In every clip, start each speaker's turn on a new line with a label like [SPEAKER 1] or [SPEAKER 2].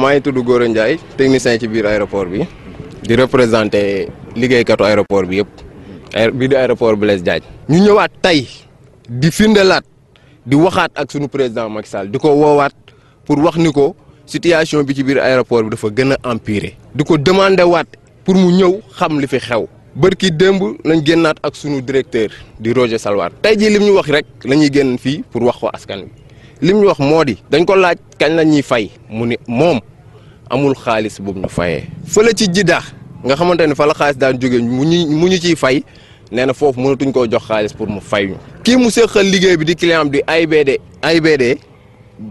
[SPEAKER 1] maa ngi tudd Gora Ndiaye technicien ci biir aéroport bi di représenté liggéeykatu aéroport bi yëpp bii di aéroport Blaise Diagne ñu ñëwaat tey di findelaat di waxaat ak sunu président Macky Sall di ko woowaat pour wax ni ko situation bi ci biir aéroport bi dafa gën a empirer di ko waat pour mu ñëw xam li fi xew ak directeur di Roger Salwar tay jii lim ñu wax rek la ñuy génn pour wax ko askan wi lim ñu wax moo di dañ ko laaj kañ fay mu ni amul xaalis bu ñu fayee la ci jidaax nga xamante ni fa la xaalis daan jóge mu ñu mu ñu ciy fay nee na foofu mënatuñ koo jox xaalis pour mu fay ñu. kii mu séqal liggéey bi di client am di AIBD AIBD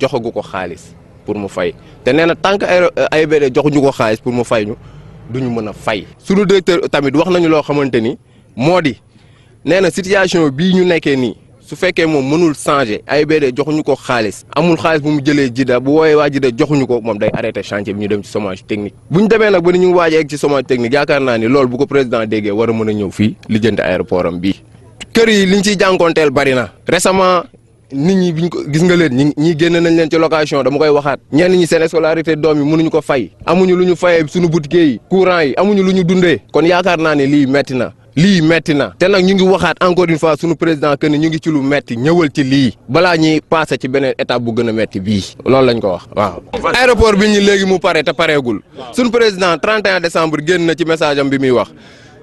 [SPEAKER 1] joxagu ko xaalis pour mu fay te nee na tant que AIBD joxuñu ko xaalis pour mu fay ñu duñu mën a fay. sunu directeur tamit wax nañu loo xamante ni moo di nee na situation bii ñu nekkee nii. su fekkee moom mënul changer AIBD joxuñu ko xaalis amul xaalis bu mu jëlee jida bu wooyee waa jida joxuñu ko moom day arrêté chantier bi ñu dem ci chômage technique bu ñu demee nag ba ni ñu ngi waaj egg ci chômage technique yaakaar naa ni loolu bu ko président déggee war a mën a ñëw fii lijjanti aéroport am bii kër yi liñ ciy jànkoonteel bari na récemment nit ñi biñ ko gis nga leen ñi ñi génn nañ leen ci location dama koy waxaat ñenn ñi seen scolarité doom yi mënuñu ko fay amuñu lu ñu fayee suñu boutiquier yi courant yi amuñu lu ñu dundee kon yaakaar naa ne lii metti li metti na te nag ñu ngi waxaat encore une fois suñu président que ni ñu ngi ci lu metti ñëwal ci lii wow. ñuy passé ci beneen étape bu metti loolu lañ ko wax waaw. aéroport bi mu pare te pareegul suñu président 31 décembre génn na ci message am bi muy wax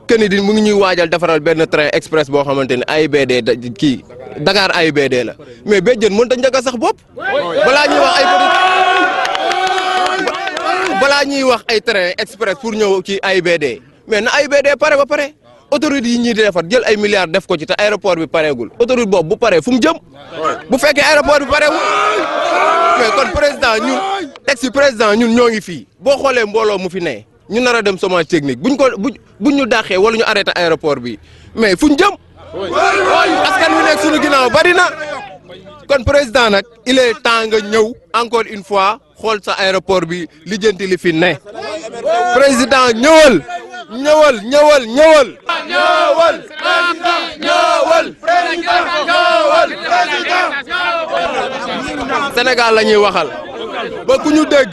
[SPEAKER 1] que ni di mu ngi ñuy waajal defaral benn train express boo xamante AIBD da kii Dakar AIBD la mais béjjën mënut a njëkk a sax bopp balaa ñuy wax ay wax ay train express pour ñëw ci AIBD mais na AIBD pare ba pare autoroute yi ñuy defar jël ay milliards def ko ci te aéroport bi pareegul autoroute boobu bu paree fu mu jëm bu fekke aéroport bi pareegul mais kon président ñun ex président ñun ñoo ngi fii boo xoolee mbooloo mu fi ne ñu nar a dem chômage technique buñ ko buñ ñu dàqee wala ñu arrêté aéroport bi mais fuñ jëm askan wi nekk suñu ginnaaw bari na kon président nag il est temps nga ñëw encore une fois xool sa aéroport bi lijjanti li fi ne président ñëwal ñëwal ñëwal ñëwal. ñëwal président ñëwal. président ñëwal la ñuy waxal ba ku ñu dégg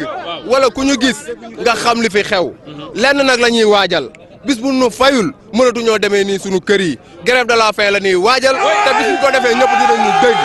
[SPEAKER 1] ku ñu gis nga xam li fi xew lenn nag la ñuy waajal bis bu nu fayul mënatuñoo demee nii sunu kër yi grève de la faim la ñuy waajal te bis bu ko defee ñëpp dinañu dégg.